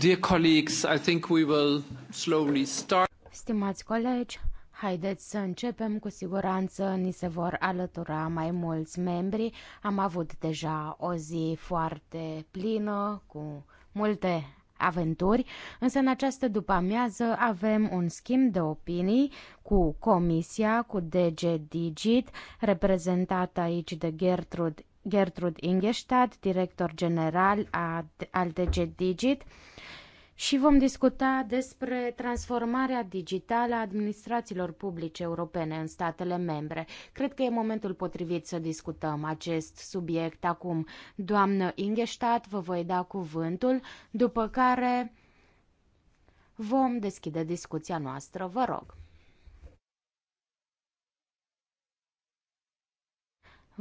Dear colleagues, I think we will slowly start. Stimați colegi, haideți să începem. Cu siguranță ni se vor alătura mai mulți membri. Am avut deja o zi foarte plină cu multe aventuri, însă în această după-amiază avem un schimb de opinii cu Comisia, cu DG Digit, reprezentată aici de Gertrud Gertrud Ingestad, director general al DG Digit, și vom discuta despre transformarea digitală a administrațiilor publice europene în statele membre. Cred că e momentul potrivit să discutăm acest subiect acum. Doamnă Ingestad, vă voi da cuvântul, după care vom deschide discuția noastră. Vă rog.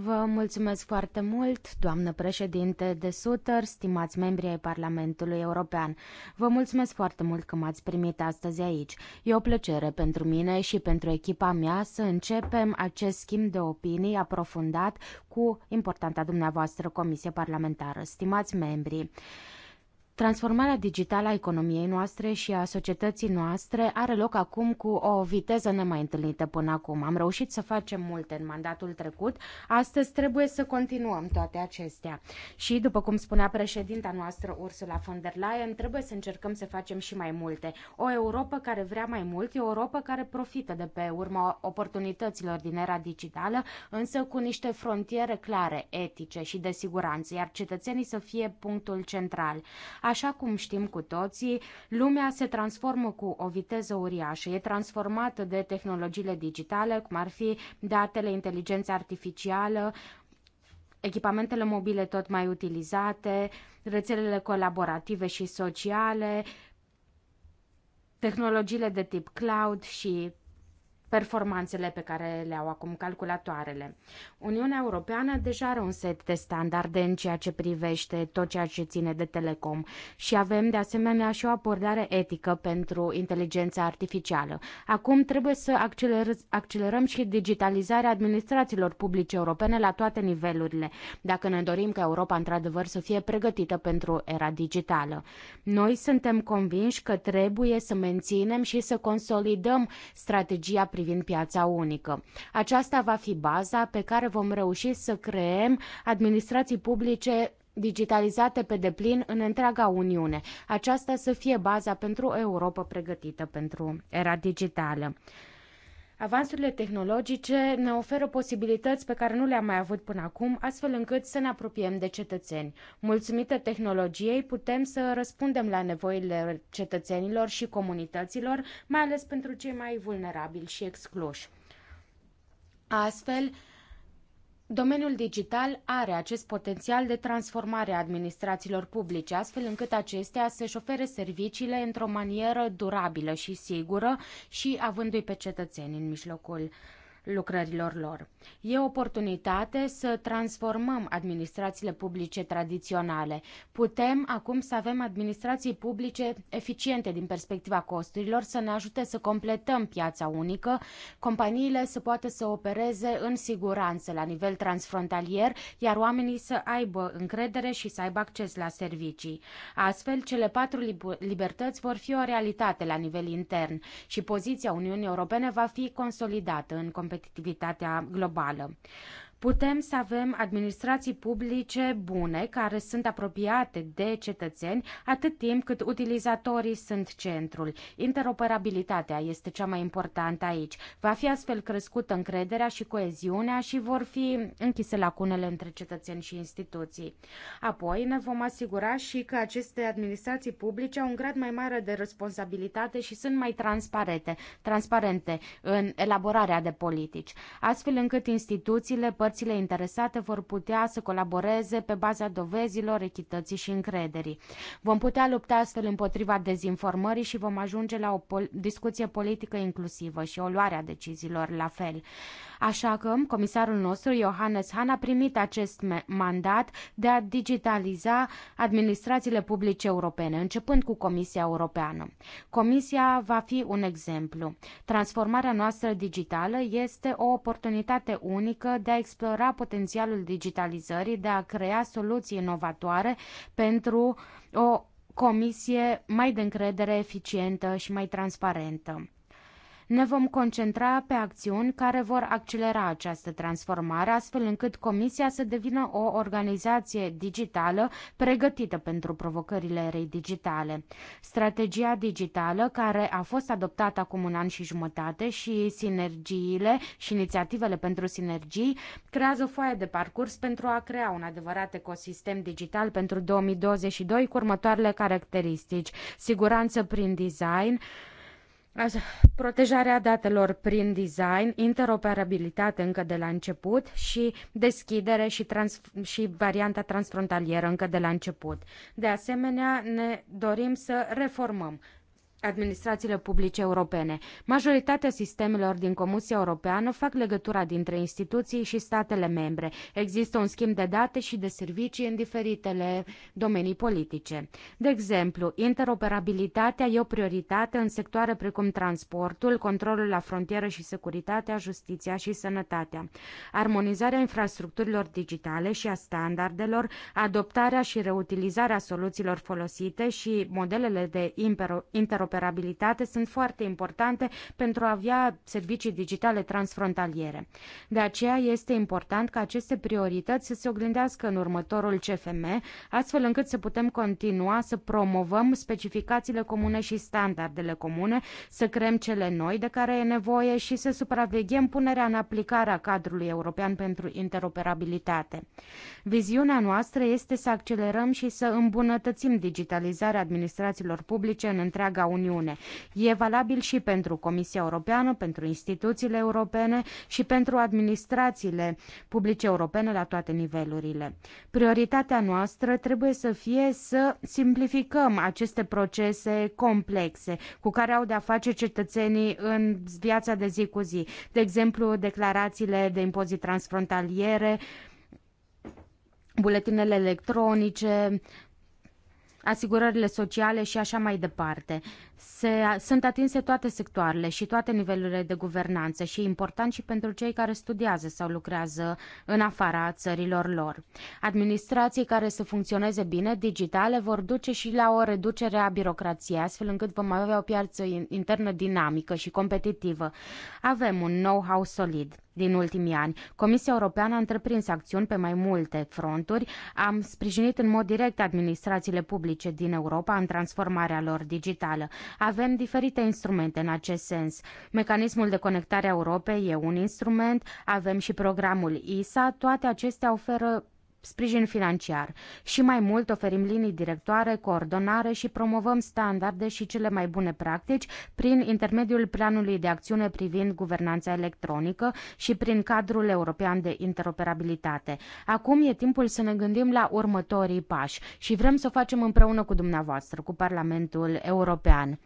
Vă mulțumesc foarte mult, doamnă președinte de Suter, stimați membri ai Parlamentului European. Vă mulțumesc foarte mult că m-ați primit astăzi aici. E o plăcere pentru mine și pentru echipa mea să începem acest schimb de opinii aprofundat cu importanta dumneavoastră Comisie Parlamentară. Stimați membri, Transformarea digitală a economiei noastre și a societății noastre are loc acum cu o viteză nemai întâlnită până acum. Am reușit să facem multe în mandatul trecut, astăzi trebuie să continuăm toate acestea. Și, după cum spunea președinta noastră Ursula von der Leyen, trebuie să încercăm să facem și mai multe. O Europa care vrea mai mult, e o Europa care profită de pe urma oportunităților din era digitală, însă cu niște frontiere clare, etice și de siguranță, iar cetățenii să fie punctul central. Așa cum știm cu toții, lumea se transformă cu o viteză uriașă. E transformată de tehnologiile digitale, cum ar fi datele, inteligența artificială, echipamentele mobile tot mai utilizate, rețelele colaborative și sociale, tehnologiile de tip cloud și performanțele pe care le au acum calculatoarele. Uniunea Europeană deja are un set de standarde în ceea ce privește tot ceea ce ține de telecom și avem de asemenea și o abordare etică pentru inteligența artificială. Acum trebuie să acceler- accelerăm și digitalizarea administrațiilor publice europene la toate nivelurile, dacă ne dorim ca Europa într-adevăr să fie pregătită pentru era digitală. Noi suntem convinși că trebuie să menținem și să consolidăm strategia privind piața unică. Aceasta va fi baza pe care vom reuși să creăm administrații publice digitalizate pe deplin în întreaga Uniune. Aceasta să fie baza pentru o Europa pregătită pentru era digitală. Avansurile tehnologice ne oferă posibilități pe care nu le-am mai avut până acum, astfel încât să ne apropiem de cetățeni. Mulțumită tehnologiei, putem să răspundem la nevoile cetățenilor și comunităților, mai ales pentru cei mai vulnerabili și excluși. Astfel, Domeniul digital are acest potențial de transformare a administrațiilor publice, astfel încât acestea să-și ofere serviciile într-o manieră durabilă și sigură și avându-i pe cetățeni în mijlocul lucrărilor lor. E oportunitate să transformăm administrațiile publice tradiționale. Putem acum să avem administrații publice eficiente din perspectiva costurilor, să ne ajute să completăm piața unică, companiile să poată să opereze în siguranță la nivel transfrontalier, iar oamenii să aibă încredere și să aibă acces la servicii. Astfel, cele patru libertăți vor fi o realitate la nivel intern și poziția Uniunii Europene va fi consolidată în competiție competitivitatea globală. Putem să avem administrații publice bune care sunt apropiate de cetățeni atât timp cât utilizatorii sunt centrul. Interoperabilitatea este cea mai importantă aici. Va fi astfel crescută încrederea și coeziunea și vor fi închise lacunele între cetățeni și instituții. Apoi ne vom asigura și că aceste administrații publice au un grad mai mare de responsabilitate și sunt mai transparente, transparente în elaborarea de politici, astfel încât instituțiile, părțile interesate vor putea să colaboreze pe baza dovezilor, echității și încrederii. Vom putea lupta astfel împotriva dezinformării și vom ajunge la o pol- discuție politică inclusivă și o luare a deciziilor la fel. Așa că comisarul nostru, Johannes Hahn, a primit acest mandat de a digitaliza administrațiile publice europene, începând cu Comisia Europeană. Comisia va fi un exemplu. Transformarea noastră digitală este o oportunitate unică de a explora explora potențialul digitalizării de a crea soluții inovatoare pentru o comisie mai de încredere eficientă și mai transparentă. Ne vom concentra pe acțiuni care vor accelera această transformare, astfel încât Comisia să devină o organizație digitală pregătită pentru provocările erei digitale. Strategia digitală, care a fost adoptată acum un an și jumătate, și sinergiile și inițiativele pentru sinergii creează o foaie de parcurs pentru a crea un adevărat ecosistem digital pentru 2022 cu următoarele caracteristici. Siguranță prin design, protejarea datelor prin design, interoperabilitate încă de la început și deschidere și, trans- și varianta transfrontalieră încă de la început. De asemenea, ne dorim să reformăm administrațiile publice europene. Majoritatea sistemelor din Comisia Europeană fac legătura dintre instituții și statele membre. Există un schimb de date și de servicii în diferitele domenii politice. De exemplu, interoperabilitatea e o prioritate în sectoare precum transportul, controlul la frontieră și securitatea, justiția și sănătatea. Armonizarea infrastructurilor digitale și a standardelor, adoptarea și reutilizarea soluțiilor folosite și modelele de interoperabilitate interoperabilitate sunt foarte importante pentru a avea servicii digitale transfrontaliere. De aceea este important ca aceste priorități să se oglindească în următorul CFM, astfel încât să putem continua să promovăm specificațiile comune și standardele comune, să creăm cele noi de care e nevoie și să supraveghem punerea în aplicare a cadrului european pentru interoperabilitate. Viziunea noastră este să accelerăm și să îmbunătățim digitalizarea administrațiilor publice în întreaga Uniune Uniune. E valabil și pentru Comisia Europeană, pentru instituțiile europene și pentru administrațiile publice europene la toate nivelurile. Prioritatea noastră trebuie să fie să simplificăm aceste procese complexe cu care au de-a face cetățenii în viața de zi cu zi. De exemplu, declarațiile de impozit transfrontaliere, buletinele electronice, asigurările sociale și așa mai departe. Se, sunt atinse toate sectoarele și toate nivelurile de guvernanță și e important și pentru cei care studiază sau lucrează în afara țărilor lor. Administrații care să funcționeze bine digitale vor duce și la o reducere a birocrației, astfel încât vom avea o piață internă dinamică și competitivă. Avem un know-how solid din ultimii ani. Comisia Europeană a întreprins acțiuni pe mai multe fronturi, am sprijinit în mod direct administrațiile publice din Europa în transformarea lor digitală. Avem diferite instrumente în acest sens. Mecanismul de conectare a Europei e un instrument, avem și programul ISA, toate acestea oferă sprijin financiar și mai mult oferim linii directoare, coordonare și promovăm standarde și cele mai bune practici prin intermediul planului de acțiune privind guvernanța electronică și prin cadrul european de interoperabilitate. Acum e timpul să ne gândim la următorii pași și vrem să o facem împreună cu dumneavoastră, cu Parlamentul European.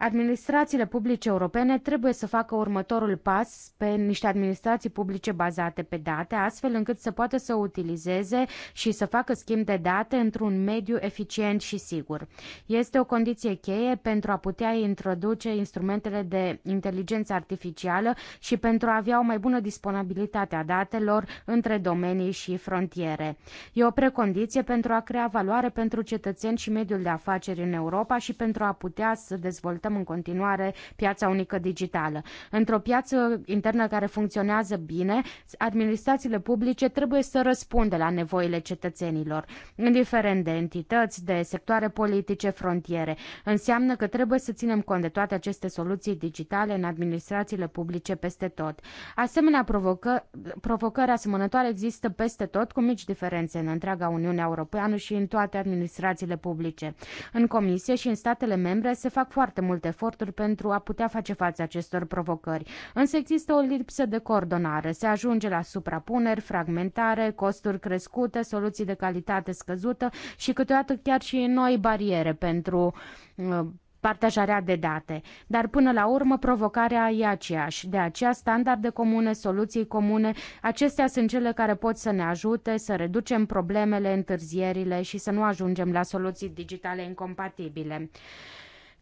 Administrațiile publice europene trebuie să facă următorul pas pe niște administrații publice bazate pe date, astfel încât să poată să utilizeze și să facă schimb de date într-un mediu eficient și sigur. Este o condiție cheie pentru a putea introduce instrumentele de inteligență artificială și pentru a avea o mai bună disponibilitate a datelor între domenii și frontiere. E o precondiție pentru a crea valoare pentru cetățeni și mediul de afaceri în Europa și pentru a putea să dezvoltăm dezvoltăm în continuare piața unică digitală. Într-o piață internă care funcționează bine, administrațiile publice trebuie să răspundă la nevoile cetățenilor, indiferent de entități, de sectoare politice, frontiere. Înseamnă că trebuie să ținem cont de toate aceste soluții digitale în administrațiile publice peste tot. Asemenea, provocă, provocări asemănătoare există peste tot, cu mici diferențe în întreaga Uniune Europeană și în toate administrațiile publice. În Comisie și în statele membre se fac foarte multe mult eforturi pentru a putea face față acestor provocări. Însă există o lipsă de coordonare. Se ajunge la suprapuneri, fragmentare, costuri crescute, soluții de calitate scăzută și câteodată chiar și noi bariere pentru uh, partajarea de date, dar până la urmă provocarea e aceeași. De aceea, standarde comune, soluții comune, acestea sunt cele care pot să ne ajute să reducem problemele, întârzierile și să nu ajungem la soluții digitale incompatibile.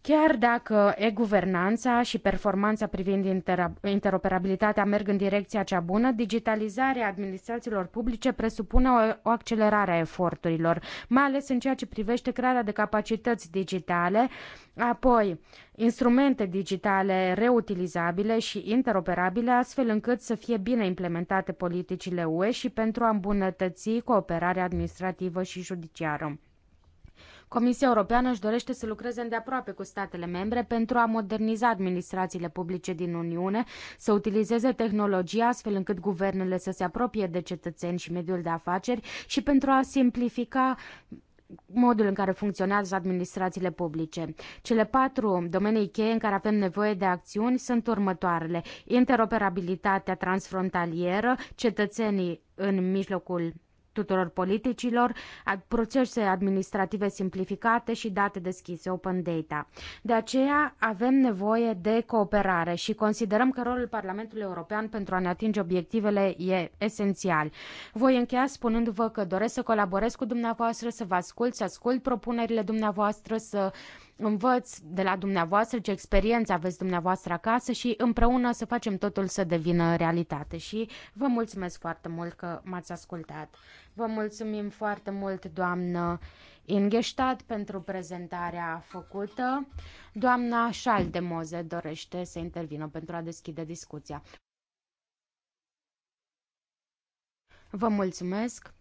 Chiar dacă e-guvernanța și performanța privind interoperabilitatea merg în direcția cea bună, digitalizarea administrațiilor publice presupune o, accelerare a eforturilor, mai ales în ceea ce privește crearea de capacități digitale, apoi instrumente digitale reutilizabile și interoperabile, astfel încât să fie bine implementate politicile UE și pentru a îmbunătăți cooperarea administrativă și judiciară. Comisia Europeană își dorește să lucreze îndeaproape cu statele membre pentru a moderniza administrațiile publice din Uniune, să utilizeze tehnologia astfel încât guvernele să se apropie de cetățeni și mediul de afaceri și pentru a simplifica modul în care funcționează administrațiile publice. Cele patru domenii cheie în care avem nevoie de acțiuni sunt următoarele. Interoperabilitatea transfrontalieră, cetățenii în mijlocul tuturor politicilor, procese administrative simplificate și date deschise, open data. De aceea avem nevoie de cooperare și considerăm că rolul Parlamentului European pentru a ne atinge obiectivele e esențial. Voi încheia spunându-vă că doresc să colaborez cu dumneavoastră, să vă ascult, să ascult propunerile dumneavoastră, să învăț de la dumneavoastră ce experiență aveți dumneavoastră acasă și împreună să facem totul să devină realitate. Și vă mulțumesc foarte mult că m-ați ascultat. Vă mulțumim foarte mult, doamnă Ingeștat, pentru prezentarea făcută. Doamna Șaldemoze dorește să intervină pentru a deschide discuția. Vă mulțumesc!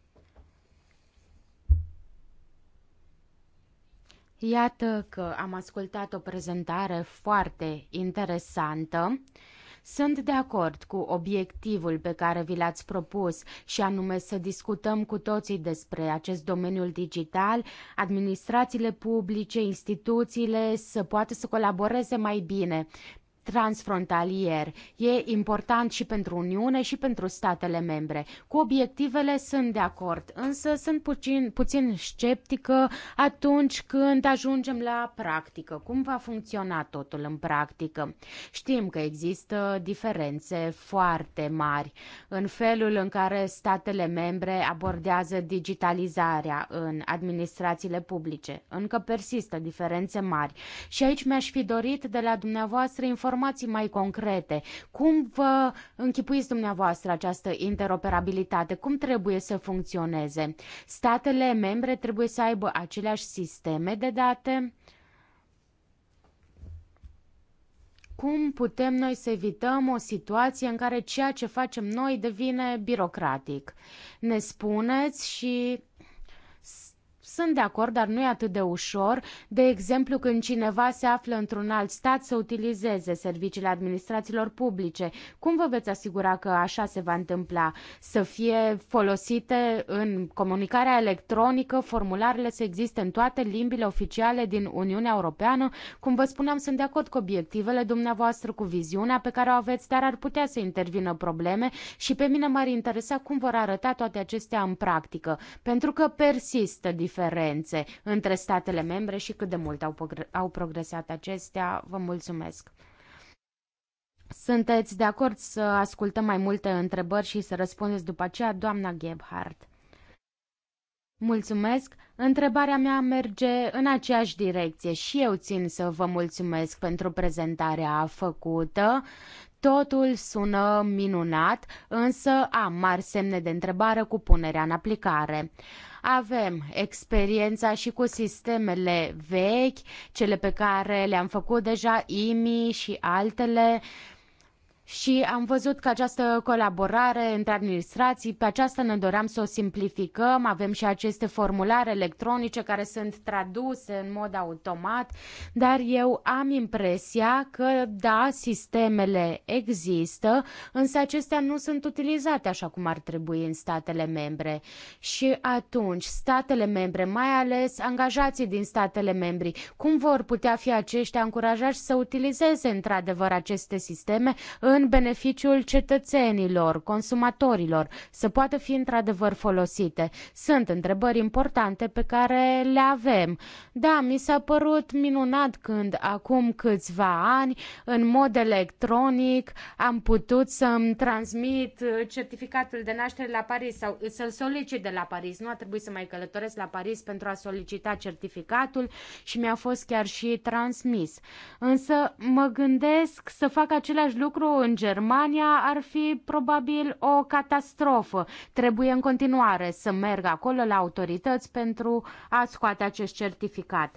Iată că am ascultat o prezentare foarte interesantă sunt de acord cu obiectivul pe care vi l-ați propus și anume să discutăm cu toții despre acest domeniul digital, administrațiile publice, instituțiile să poată să colaboreze mai bine transfrontalier. E important și pentru Uniune și pentru statele membre. Cu obiectivele sunt de acord, însă sunt puțin, puțin sceptică atunci când ajungem la practică. Cum va funcționa totul în practică? Știm că există diferențe foarte mari în felul în care statele membre abordează digitalizarea în administrațiile publice. Încă persistă diferențe mari și aici mi-aș fi dorit de la dumneavoastră informații informații mai concrete. Cum vă închipuiți dumneavoastră această interoperabilitate? Cum trebuie să funcționeze? Statele membre trebuie să aibă aceleași sisteme de date? Cum putem noi să evităm o situație în care ceea ce facem noi devine birocratic? Ne spuneți și sunt de acord, dar nu e atât de ușor. De exemplu, când cineva se află într-un alt stat să utilizeze serviciile administrațiilor publice, cum vă veți asigura că așa se va întâmpla? Să fie folosite în comunicarea electronică, formularele să existe în toate limbile oficiale din Uniunea Europeană? Cum vă spuneam, sunt de acord cu obiectivele dumneavoastră, cu viziunea pe care o aveți, dar ar putea să intervină probleme și pe mine m-ar interesa cum vor arăta toate acestea în practică, pentru că persistă diferențe diferențe între statele membre și cât de mult au, au progresat acestea. Vă mulțumesc! Sunteți de acord să ascultăm mai multe întrebări și să răspundeți după aceea, doamna Gebhardt? Mulțumesc! Întrebarea mea merge în aceeași direcție și eu țin să vă mulțumesc pentru prezentarea făcută. Totul sună minunat, însă am mari semne de întrebare cu punerea în aplicare. Avem experiența și cu sistemele vechi, cele pe care le-am făcut deja, IMI și altele, uh, și am văzut că această colaborare între administrații, pe aceasta ne doream să o simplificăm, avem și aceste formulare electronice care sunt traduse în mod automat, dar eu am impresia că, da, sistemele există, însă acestea nu sunt utilizate așa cum ar trebui în statele membre. Și atunci, statele membre, mai ales angajații din statele membri, cum vor putea fi aceștia încurajați să utilizeze într-adevăr aceste sisteme în în beneficiul cetățenilor, consumatorilor, să poată fi într-adevăr folosite. Sunt întrebări importante pe care le avem. Da, mi s-a părut minunat când acum câțiva ani, în mod electronic, am putut să-mi transmit uh, certificatul de naștere la Paris sau să-l solicit de la Paris. Nu a trebuit să mai călătoresc la Paris pentru a solicita certificatul și mi-a fost chiar și transmis. Însă mă gândesc să fac același lucru în Germania ar fi probabil o catastrofă. Trebuie în continuare să merg acolo la autorități pentru a scoate acest certificat.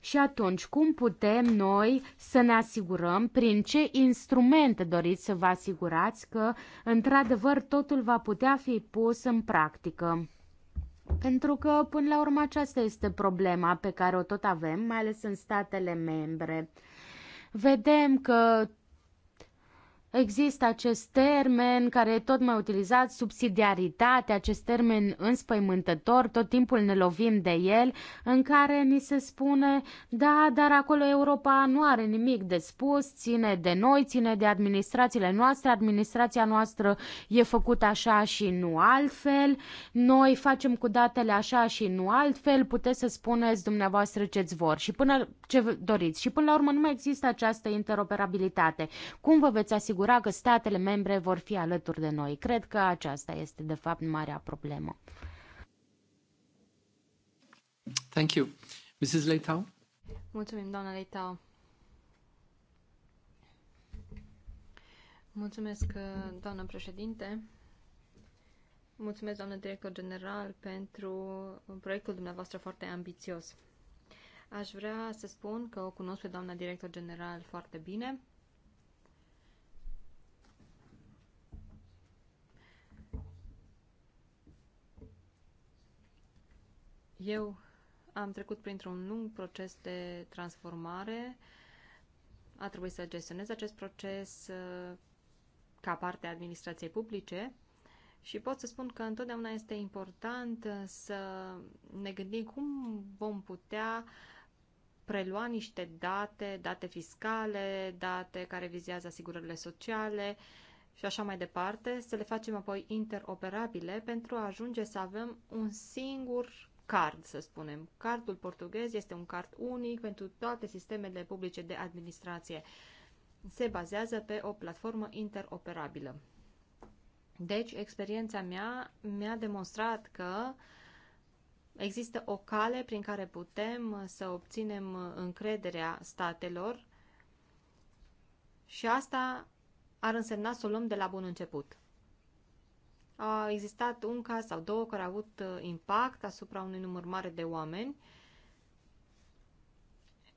Și atunci, cum putem noi să ne asigurăm, prin ce instrumente doriți să vă asigurați că, într-adevăr, totul va putea fi pus în practică? Pentru că, până la urmă, aceasta este problema pe care o tot avem, mai ales în statele membre. Vedem că Există acest termen care tot mai utilizat, subsidiaritate, acest termen înspăimântător, tot timpul ne lovim de el, în care ni se spune, da, dar acolo Europa nu are nimic de spus, ține de noi, ține de administrațiile noastre, administrația noastră e făcută așa și nu altfel, noi facem cu datele așa și nu altfel, puteți să spuneți dumneavoastră ce-ți vor și până ce doriți. Și până la urmă nu mai există această interoperabilitate. Cum vă veți asigura asigura că statele membre vor fi alături de noi. Cred că aceasta este, de fapt, marea problemă. Thank you. Mrs. Leitau? Mulțumim, doamna Leitau. Mulțumesc, doamnă președinte. Mulțumesc, doamnă director general, pentru proiectul dumneavoastră foarte ambițios. Aș vrea să spun că o cunosc pe doamna director general foarte bine Eu am trecut printr-un lung proces de transformare. A trebuit să gestionez acest proces uh, ca parte a administrației publice și pot să spun că întotdeauna este important uh, să ne gândim cum vom putea prelua niște date, date fiscale, date care vizează asigurările sociale și așa mai departe, să le facem apoi interoperabile pentru a ajunge să avem un singur card, să spunem. Cardul portughez este un card unic pentru toate sistemele publice de administrație. Se bazează pe o platformă interoperabilă. Deci, experiența mea mi-a demonstrat că există o cale prin care putem să obținem încrederea statelor și asta ar însemna să o luăm de la bun început a existat un caz sau două care au avut uh, impact asupra unui număr mare de oameni,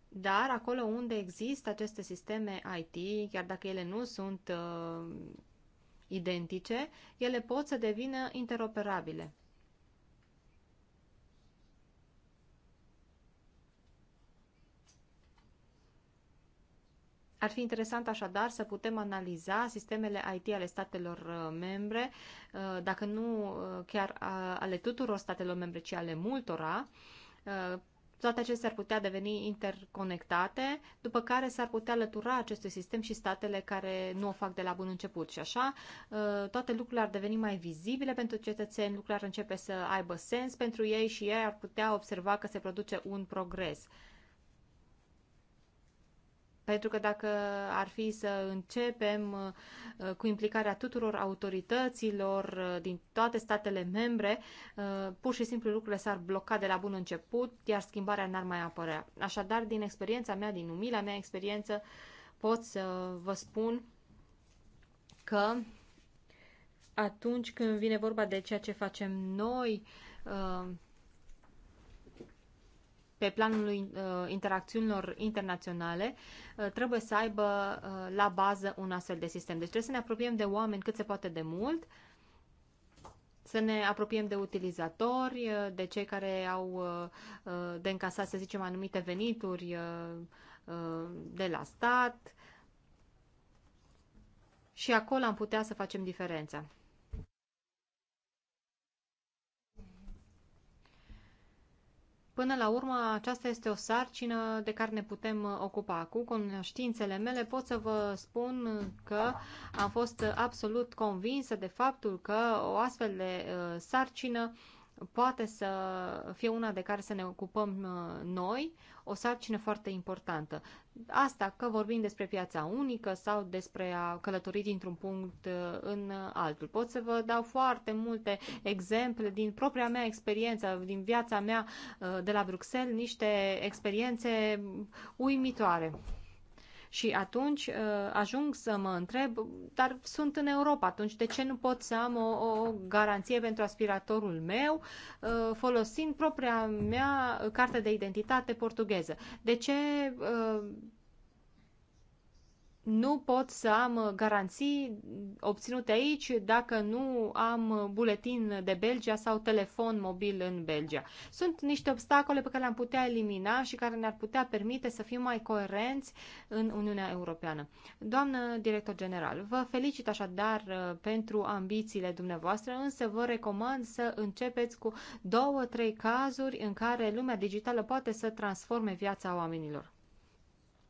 dar acolo unde există aceste sisteme IT, chiar dacă ele nu sunt uh, identice, ele pot să devină interoperabile. Ar fi interesant așadar să putem analiza sistemele IT ale statelor uh, membre, uh, dacă nu uh, chiar ale tuturor statelor membre, ci ale multora, toate acestea ar putea deveni interconectate, după care s-ar putea lătura acestui sistem și statele care nu o fac de la bun început. Și așa, toate lucrurile ar deveni mai vizibile pentru cetățeni, lucrurile ar începe să aibă sens pentru ei și ei ar putea observa că se produce un progres. Pentru că dacă ar fi să începem uh, cu implicarea tuturor autorităților uh, din toate statele membre, uh, pur și simplu lucrurile s-ar bloca de la bun început, iar schimbarea n-ar mai apărea. Așadar, din experiența mea, din umila mea experiență, pot să vă spun că atunci când vine vorba de ceea ce facem noi, pe planul uh, interacțiunilor internaționale, uh, trebuie să aibă uh, la bază un astfel de sistem. Deci trebuie să ne apropiem de oameni cât se poate de mult, să ne apropiem de utilizatori, uh, de cei care au uh, uh de încasat, să zicem, anumite venituri uh, uh, de la stat. Și acolo am putea să facem diferența. Până la urmă, aceasta este o sarcină de care ne putem uh, ocupa. Cu cunoștințele mele pot să vă spun că am fost absolut convinsă de faptul că o astfel de uh, sarcină uh, poate să fie una de care să ne ocupăm uh, noi, o sarcină foarte importantă. Asta că vorbim despre piața unică sau despre a călători dintr-un punct uh, în altul. Pot să vă dau foarte multe exemple din propria mea experiență, din viața mea uh, de la Bruxelles, niște experiențe uimitoare. Și atunci uh, ajung să mă întreb, dar sunt în Europa, atunci de ce nu pot să am o, o garanție pentru aspiratorul meu uh, folosind propria mea carte de identitate portugheză? De ce uh, nu pot să am uh, garanții obținute aici dacă nu am uh, buletin de Belgia sau telefon mobil în Belgia. Sunt niște obstacole pe care le-am putea elimina și care ne-ar putea permite să fim mai coerenți în Uniunea Europeană. Doamnă director general, vă felicit așadar uh, pentru ambițiile dumneavoastră, însă vă recomand să începeți cu două, trei cazuri în care lumea digitală poate să transforme viața oamenilor.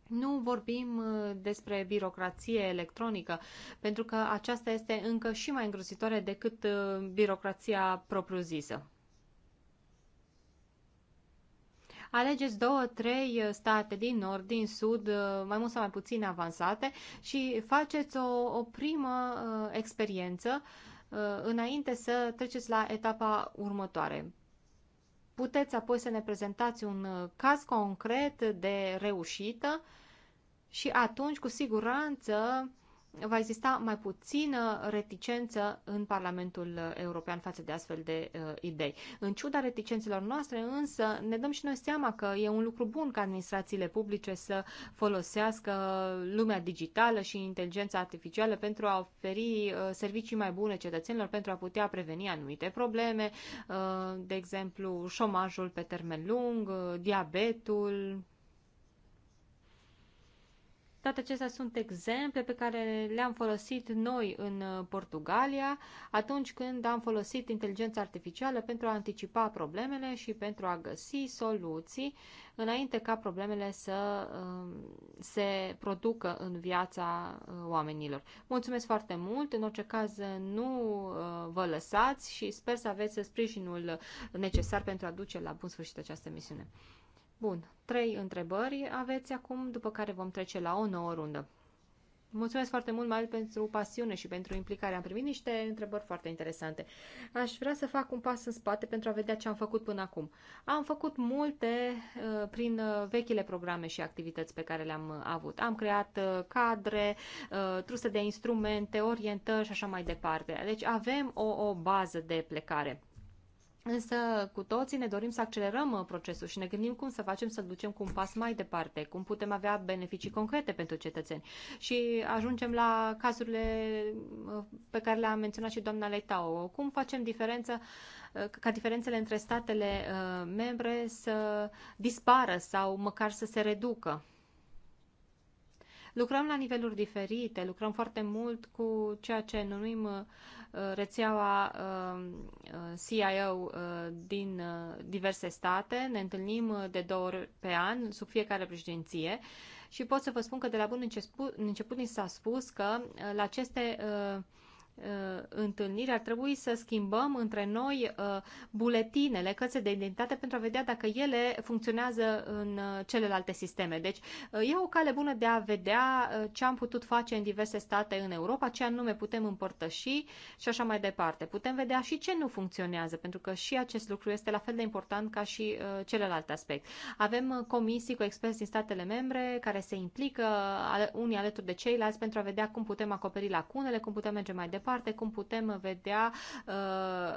Nu vorbim uh, despre birocrație electronică, pentru că aceasta este încă și mai îngrozitoare decât uh, birocrația propriu-zisă. Alegeți două, trei uh, state din nord, din sud, mai mult sau mai puțin avansate și faceți o, o primă experiență înainte să treceți la etapa următoare. Puteți apoi să ne prezentați un uh, caz concret de reușită și atunci, cu siguranță, va exista mai puțină reticență în Parlamentul European față de astfel de uh, idei. În ciuda reticențelor noastre, însă, ne dăm și noi seama că e un lucru bun ca administrațiile publice să folosească lumea digitală și inteligența artificială pentru a oferi uh, servicii mai bune cetățenilor, pentru a putea preveni anumite probleme, uh, de exemplu, șomajul pe termen lung, uh, diabetul, toate acestea sunt exemple pe care le-am folosit noi în uh, Portugalia atunci când am folosit inteligența artificială pentru a anticipa problemele și pentru a găsi soluții înainte ca problemele să um, se producă în viața uh, oamenilor. Mulțumesc foarte mult, în orice caz uh, nu vă lăsați și sper să aveți sprijinul necesar pentru a duce la bun sfârșit această misiune. Bun, trei întrebări aveți acum, după care vom trece la o nouă rundă. Mulțumesc foarte mult, mai pentru pasiune și pentru implicare. Am primit niște întrebări foarte interesante. Aș vrea să fac un pas în spate pentru a vedea ce am făcut până acum. Am făcut multe uh, prin uh, vechile programe și activități pe care le-am uh, avut. Am creat uh, cadre, uh, truse de instrumente, orientări și așa mai departe. Deci avem o, o bază de plecare. Însă cu toții ne dorim să accelerăm uh, procesul și ne gândim cum să facem să ducem cu un pas mai departe, cum putem avea beneficii concrete pentru cetățeni. Și ajungem la cazurile uh, pe care le-a menționat și doamna Leitao. Cum facem diferență, uh, ca diferențele între statele membre să dispară sau măcar să se reducă? Lucrăm la niveluri diferite, lucrăm foarte mult cu ceea ce numim uh, rețeaua uh, CIO uh, din uh, diverse state. Ne întâlnim de două ori pe an, sub fiecare președinție. Și pot să vă spun că de la bun început, început ni s-a spus că la aceste uh, Uh, întâlniri, ar trebui să schimbăm între noi uh, buletinele, cărțile de identitate pentru a vedea dacă ele funcționează în uh, celelalte sisteme. Deci e o cale bună de a vedea ce am putut face în diverse state în Europa, ce anume putem împărtăși și așa mai departe. Putem vedea și ce nu funcționează, pentru că și acest lucru este la fel de important ca și celălalt aspect. Avem comisii cu experți din statele membre care se implică unii alături de ceilalți pentru a vedea cum putem acoperi lacunele, cum putem merge mai departe departe, cum putem vedea uh,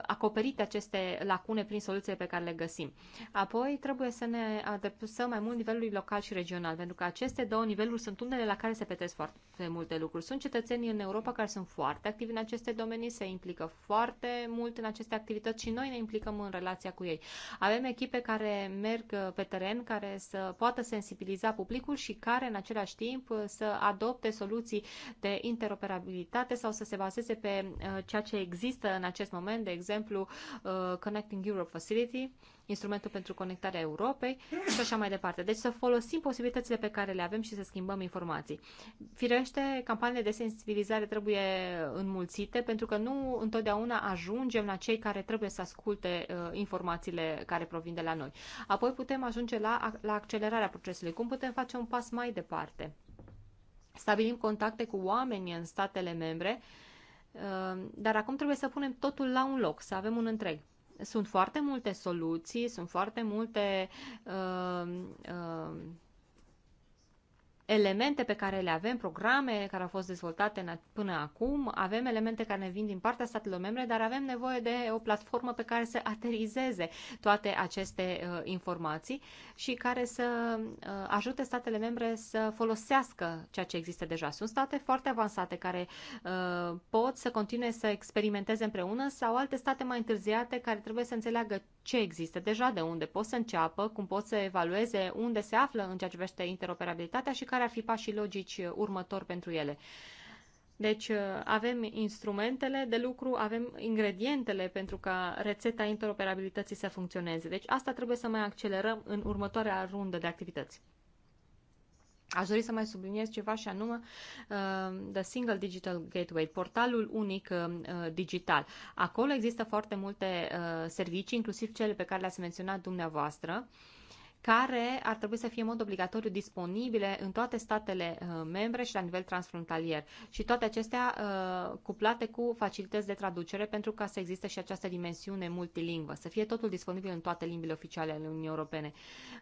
acoperite aceste lacune prin soluțiile pe care le găsim. Apoi, trebuie să ne adaptăm mai mult nivelului local și regional, pentru că aceste două niveluri sunt unele la care se petrec foarte multe lucruri. Sunt cetățenii în Europa care sunt foarte activi în aceste domenii, se implică foarte mult în aceste activități și noi ne implicăm în relația cu ei. Avem echipe care merg pe teren, care să poată sensibiliza publicul și care în același timp să adopte soluții de interoperabilitate sau să se bazeze pe uh, ceea ce există în acest moment, de exemplu uh, Connecting Europe Facility, instrumentul pentru conectarea Europei și așa mai departe. Deci să folosim posibilitățile pe care le avem și să schimbăm informații. Firește, campaniile de sensibilizare trebuie înmulțite pentru că nu întotdeauna ajungem la cei care trebuie să asculte uh, informațiile care provin de la noi. Apoi putem ajunge la, la accelerarea procesului. Cum putem face un pas mai departe? Stabilim contacte cu oameni în statele membre uh, Ehm, dar acum trebuie să punem totul la un loc, să avem un întreg. Sunt foarte multe soluții, sunt foarte multe uh, uh, elemente pe care le avem, programe care au fost dezvoltate până acum, avem elemente care ne vin din partea statelor membre, dar avem nevoie de o platformă pe care să aterizeze toate aceste uh, informații și care să uh, ajute statele membre să folosească ceea ce există deja. Sunt state foarte avansate care uh, pot să continue să experimenteze împreună sau alte state mai întârziate care trebuie să înțeleagă ce există deja, de unde pot să înceapă, cum pot să evalueze unde se află în ceea ce privește interoperabilitatea și care ar fi pașii logici următori pentru ele. Deci uh, avem instrumentele de lucru, avem ingredientele pentru ca rețeta interoperabilității să funcționeze. Deci asta trebuie să mai accelerăm în următoarea rundă de activități. Aș dori să mai subliniez ceva și anume uh, The Single Digital Gateway, portalul unic uh, digital. Acolo există foarte multe uh, servicii, inclusiv cele pe care le-ați menționat dumneavoastră. Uh, care ar trebui să fie în mod obligatoriu disponibile în toate statele uh, membre și la nivel transfrontalier. Și toate acestea uh, cuplate cu facilități de traducere pentru ca să existe și această dimensiune multilingvă, să fie totul disponibil în toate limbile oficiale ale Uniunii Europene.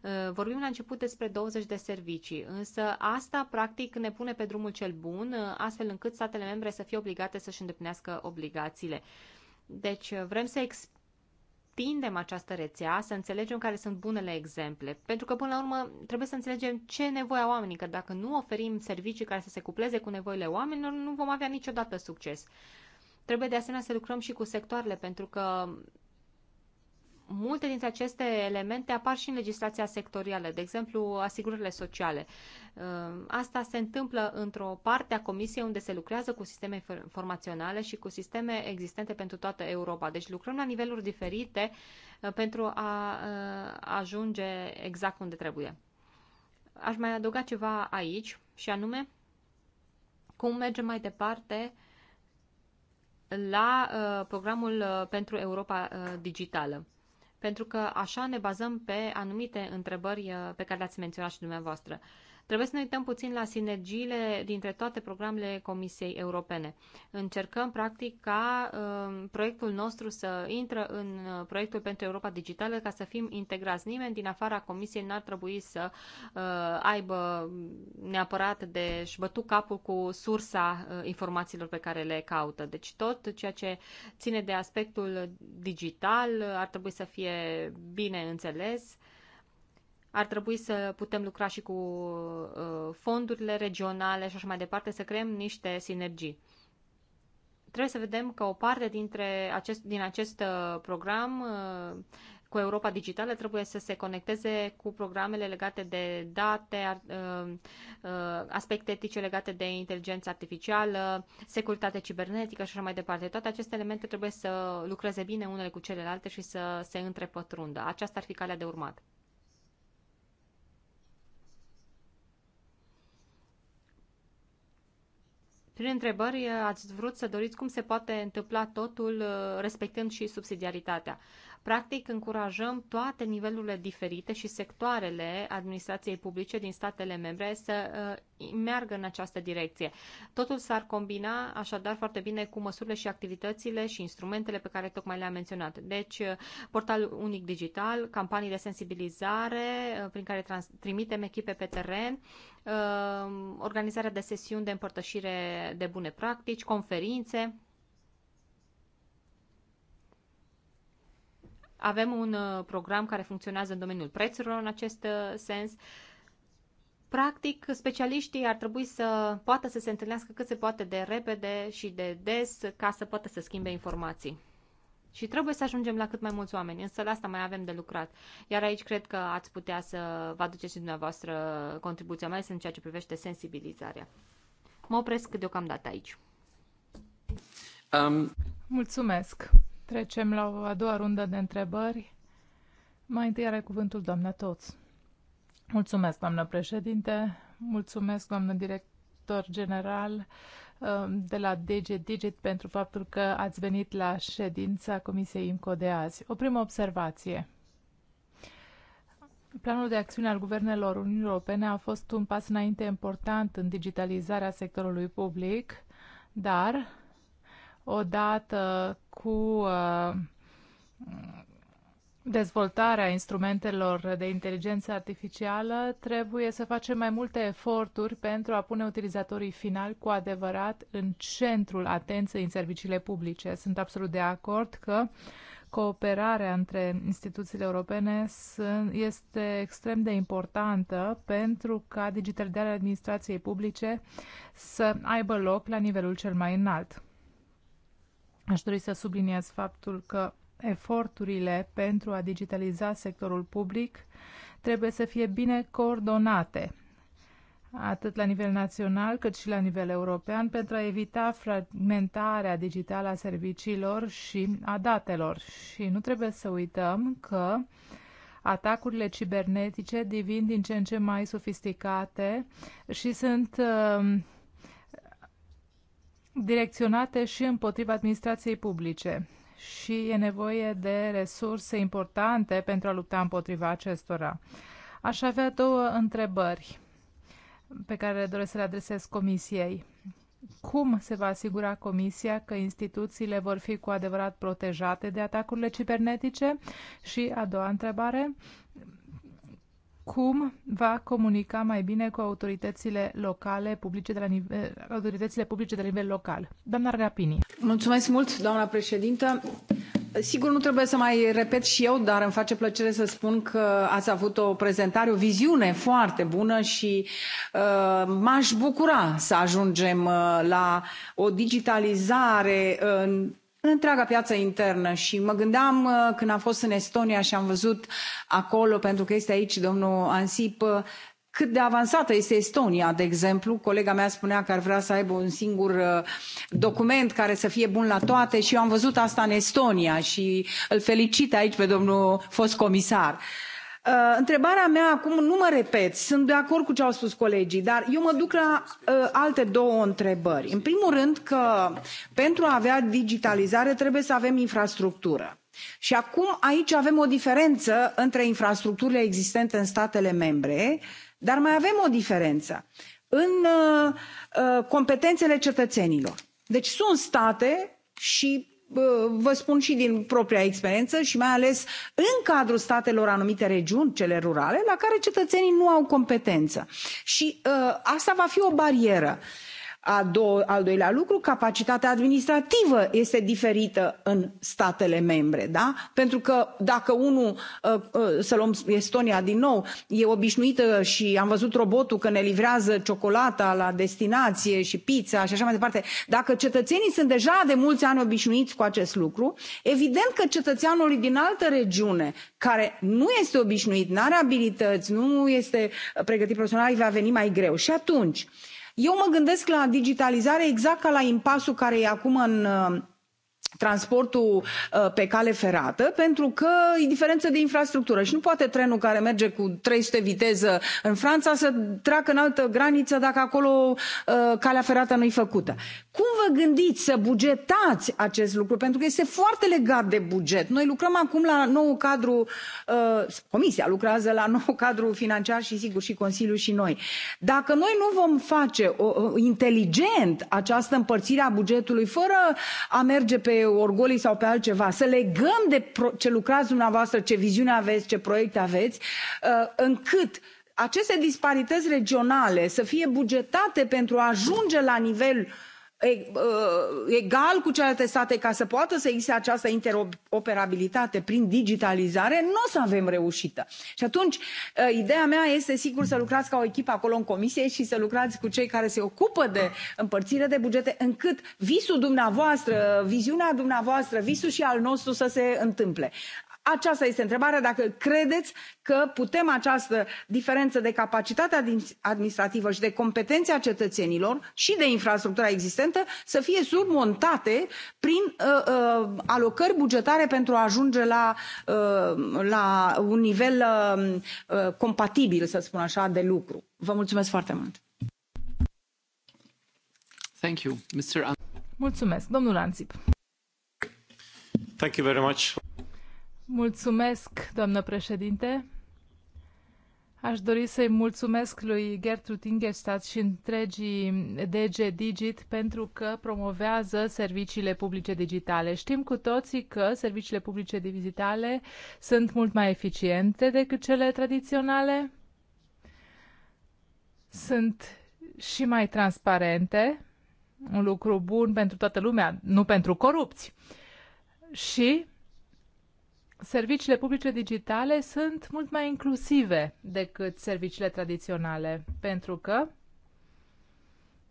Uh, vorbim la început despre 20 de servicii, însă asta practic ne pune pe drumul cel bun, astfel încât statele membre să fie obligate să-și îndeplinească obligațiile. Deci vrem să explicăm extindem această rețea, să înțelegem care sunt bunele exemple. Pentru că, până la urmă, trebuie să înțelegem ce nevoie au oamenii, că dacă nu oferim servicii care să se cupleze cu nevoile oamenilor, nu vom avea niciodată succes. Trebuie de asemenea să lucrăm și cu sectoarele, pentru că multe dintre aceste elemente apar și în legislația sectorială, de exemplu asigurările sociale. Uh, asta se întâmplă într-o parte a Comisiei unde se lucrează cu sisteme informaționale și cu sisteme existente pentru toată Europa. Deci lucrăm la niveluri diferite uh, pentru a uh, ajunge exact unde trebuie. Aș mai adăuga ceva aici și anume cum mergem mai departe la programul pentru Europa Digitală pentru că așa ne bazăm pe anumite întrebări uh, pe care le-ați menționat și dumneavoastră. Trebuie să ne uităm puțin la sinergiile dintre toate programele Comisiei Europene. Încercăm, practic, ca uh, proiectul nostru să intră în uh, proiectul pentru Europa Digitală ca să fim integrați. Nimeni din afara Comisiei n-ar trebui să uh, aibă neapărat de și bătu capul cu sursa uh, informațiilor pe care le caută. Deci tot ceea ce ține de aspectul digital ar trebui să fie bine înțeles uh, ar trebui să putem lucra și cu uh, fondurile regionale și așa mai departe, să creăm niște sinergii. Trebuie să vedem că o parte dintre acest, din acest uh, program uh, cu Europa Digitală trebuie să se conecteze cu programele legate de date, aspecte etice legate de inteligență artificială, securitate cibernetică și așa mai departe. Toate aceste elemente trebuie să lucreze bine unele cu celelalte și să se întrepătrundă. Aceasta ar fi calea de urmat. Prin întrebări ați vrut să doriți cum se poate întâmpla totul uh, respectând și subsidiaritatea. Practic, încurajăm toate nivelurile diferite și sectoarele administrației publice din statele membre să uh, meargă în această direcție. Totul s-ar combina așadar foarte bine cu măsurile și activitățile și instrumentele pe care tocmai le-am menționat. Deci, uh, portalul unic digital, campanii de sensibilizare uh, prin care trimitem echipe pe teren, organizarea de sesiuni de împărtășire de bune practici, conferințe, Avem un uh, program care funcționează în domeniul prețurilor în acest uh, sens. Practic, specialiștii ar trebui să poată să se întâlnească cât se poate de repede și de des ca să poată să schimbe informații. Și trebuie să ajungem la cât mai mulți oameni, însă la asta mai avem de lucrat. Iar aici cred că ați putea să vă aduceți și dumneavoastră contribuția, mai ales în ceea ce privește sensibilizarea. Mă opresc deocamdată aici. Um... Mulțumesc! Trecem la o a doua rundă de întrebări. Mai întâi are cuvântul doamna Toți. Mulțumesc, doamnă președinte. Mulțumesc, doamnă director general uh, de la Digit Digit pentru faptul că ați venit la ședința Comisiei IMCO de azi. O primă observație. Planul de acțiune al guvernelor Uniunii Europene a fost un pas înainte important în digitalizarea sectorului public, dar odată cu uh, dezvoltarea instrumentelor de inteligență artificială, trebuie să facem mai multe eforturi pentru a pune utilizatorii finali cu adevărat în centrul atenției în serviciile publice. Sunt absolut de acord că cooperarea între instituțiile europene este extrem de importantă pentru ca digitalizarea administrației publice să aibă loc la nivelul cel mai înalt. Aș dori să subliniez faptul că eforturile pentru a digitaliza sectorul public trebuie să fie bine coordonate, atât la nivel național cât și la nivel european, pentru a evita fragmentarea digitală a serviciilor și a datelor. Și nu trebuie să uităm că atacurile cibernetice devin din ce în ce mai sofisticate și sunt uh, direcționate și împotriva administrației publice și e nevoie de resurse importante pentru a lupta împotriva acestora. Aș avea două întrebări pe care doresc să le adresez Comisiei. Cum se va asigura Comisia că instituțiile vor fi cu adevărat protejate de atacurile cibernetice? Și a doua întrebare, cum va comunica mai bine cu autoritățile locale publice de la nivel, eh, autoritățile publice de la nivel local. Doamna Argapini. Mulțumesc mult, doamna președintă. Sigur, nu trebuie să mai repet și eu, dar îmi face plăcere să spun că ați avut o prezentare, o viziune foarte bună și uh, m-aș bucura să ajungem uh, la o digitalizare uh, întreaga piață internă și mă gândeam uh, când am fost în Estonia și am văzut acolo, pentru că este aici domnul Ansip, uh, cât de avansată este Estonia, de exemplu. Colega mea spunea că ar vrea să aibă un singur uh, document care să fie bun la toate și eu am văzut asta în Estonia și îl felicit aici pe domnul fost comisar. Uh, Uh, întrebarea mea acum nu mă repet sunt de acord cu ce au spus colegii dar eu mă duc la uh, alte două întrebări în primul rând că pentru a avea digitalizare trebuie să avem infrastructură și acum aici avem o diferență între infrastructurile existente în statele membre dar mai avem o diferență în uh, competențele cetățenilor deci sunt state și vă spun și din propria experiență și mai ales în cadrul statelor anumite regiuni cele rurale la care cetățenii nu au competență și ă, asta va fi o barieră al doilea lucru capacitatea administrativă este diferită în statele membre da pentru că dacă unul ă, ă, să luăm estonia din nou e obișnuită și am văzut robotul că ne livrează ciocolata la destinație și pizza și așa mai departe dacă cetățenii sunt deja de mulți ani obișnuiți cu acest lucru evident că cetățeanul din altă regiune care nu este obișnuit nu are abilități nu este pregătit profesional îi va veni mai greu și atunci eu mă gândesc la digitalizare exact ca la impasul care e acum în uh, transportul uh, pe cale ferată pentru că e diferență de infrastructură și nu poate trenul care merge cu trei sute viteză în franța să treacă în altă graniță dacă acolo uh, calea ferată nu e făcută. cum vă gândiți să bugetați acest lucru pentru că este foarte legat de buget. noi lucrăm acum la noul cadru uh, comisia lucrează la noul cadru financiar și sigur și consiliul și noi. dacă noi nu vom face inteligent această împărțire a bugetului fără a merge pe orgolii sau pe altceva să legăm de ce lucrați dumneavoastră ce viziune aveți ce proiecte aveți uh, încât aceste disparități regionale să fie bugetate pentru a ajunge la nivel Uh, egal cu celelalte state ca să poată să existe această interoperabilitate prin digitalizare nu o să avem reușită și atunci uh, ideea mea este sigur să lucrați ca o echipă acolo în comisie și să lucrați cu cei care se ocupă de împărțire de bugete încât visul dumneavoastră viziunea dumneavoastră visul și al nostru să se întâmple aceasta este întrebarea dacă credeți că putem această diferență de capacitate administrativă și de competențe a cetățenilor și de infrastructura existentă să fie surmontate prin uh, uh, alocări bugetare pentru a ajunge la, uh, la un nivel um, compatibil să spun așa de lucru. vă mulțumesc foarte mult. Mulțumesc, domnul Ansip. Thank you very much. Mulțumesc, doamnă președinte. Aș dori să-i mulțumesc lui Gertrude Ingestat și întregii DG Digit pentru că promovează serviciile publice digitale. Știm cu toții că serviciile publice digitale sunt mult mai eficiente decât cele tradiționale, sunt și mai transparente, un lucru bun pentru toată lumea, nu pentru corupți. Și serviciile publice digitale sunt mult mai inclusive decât serviciile tradiționale, pentru că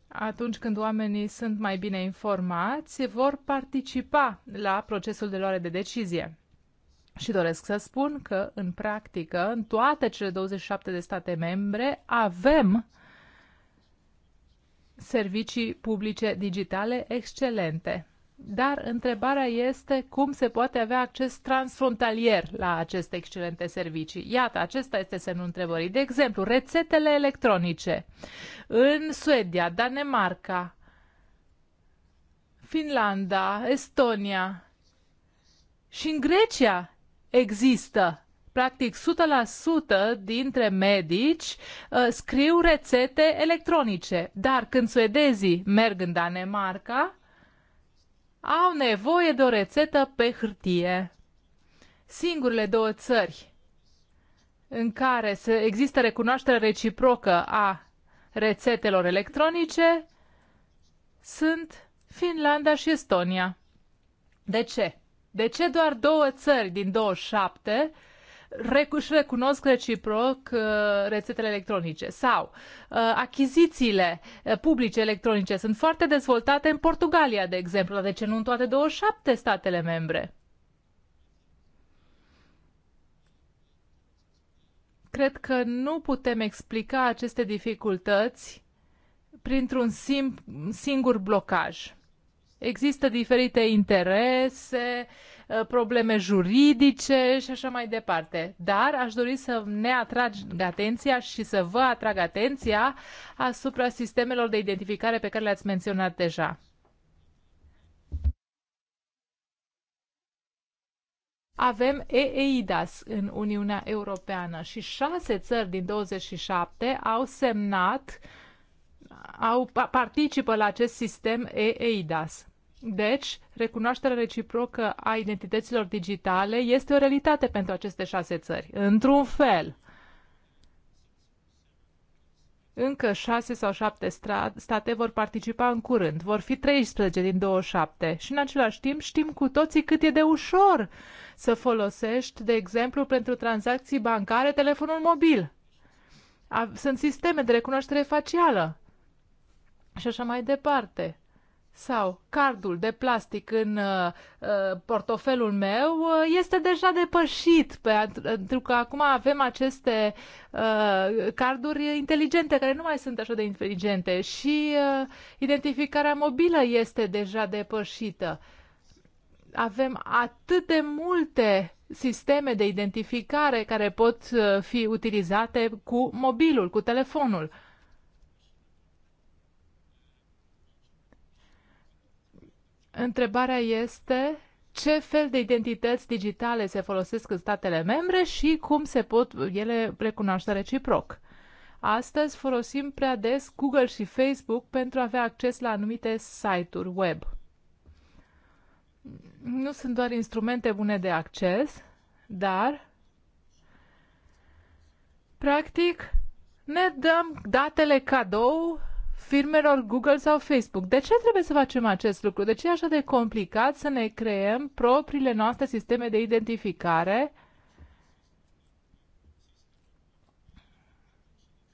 atunci când oamenii sunt mai bine informați, vor participa la procesul de luare de decizie. Și doresc să spun că, în practică, în toate cele 27 de state membre avem servicii publice digitale excelente. Dar întrebarea este cum se poate avea acces transfrontalier la aceste excelente servicii. Iată, acesta este semnul întrebării. De exemplu, rețetele electronice în Suedia, Danemarca, Finlanda, Estonia și în Grecia există practic 100% dintre medici uh, scriu rețete electronice. Dar când suedezii merg în Danemarca, au nevoie de o rețetă pe hârtie. Singurele două țări în care se există recunoaștere reciprocă a rețetelor electronice sunt Finlanda și Estonia. De ce? De ce doar două țări din 27 își recunosc reciproc uh, rețetele electronice. Sau uh, achizițiile uh, publice electronice sunt foarte dezvoltate în Portugalia, de exemplu, dar de ce nu în toate 27 statele membre? Cred că nu putem explica aceste dificultăți printr-un singur blocaj. Există diferite interese, uh, Uh, probleme juridice și așa mai departe. Dar aș dori să ne atrag atenția și să vă atrag atenția asupra sistemelor de identificare pe care le-ați menționat deja. Avem EEIDAS în Uniunea Europeană și șase țări din 27 au semnat, au, participă la acest sistem EEIDAS. Deci, recunoașterea reciprocă a identităților digitale este o realitate pentru aceste șase țări, într-un fel. Încă șase sau șapte state vor participa în curând, vor fi 13 din 27 și în același timp știm cu toții cât e de ușor să folosești, de exemplu, pentru tranzacții bancare, telefonul mobil. Sunt sisteme de recunoaștere facială și așa mai departe sau cardul de plastic în uh, uh, portofelul meu uh, este deja depășit, pe, pentru că acum avem aceste uh, carduri inteligente, care nu mai sunt așa de inteligente, și uh, identificarea mobilă este deja depășită. Avem atât de multe sisteme de identificare care pot uh, fi utilizate cu mobilul, cu telefonul. Întrebarea este ce fel de identități digitale se folosesc în statele membre și cum se pot ele recunoaște reciproc. Astăzi folosim prea des Google și Facebook pentru a avea acces la anumite site-uri web. Nu sunt doar instrumente bune de acces, dar practic ne dăm datele cadou firmelor Google sau Facebook. De ce trebuie să facem acest lucru? De ce e așa de complicat să ne creăm propriile noastre sisteme de identificare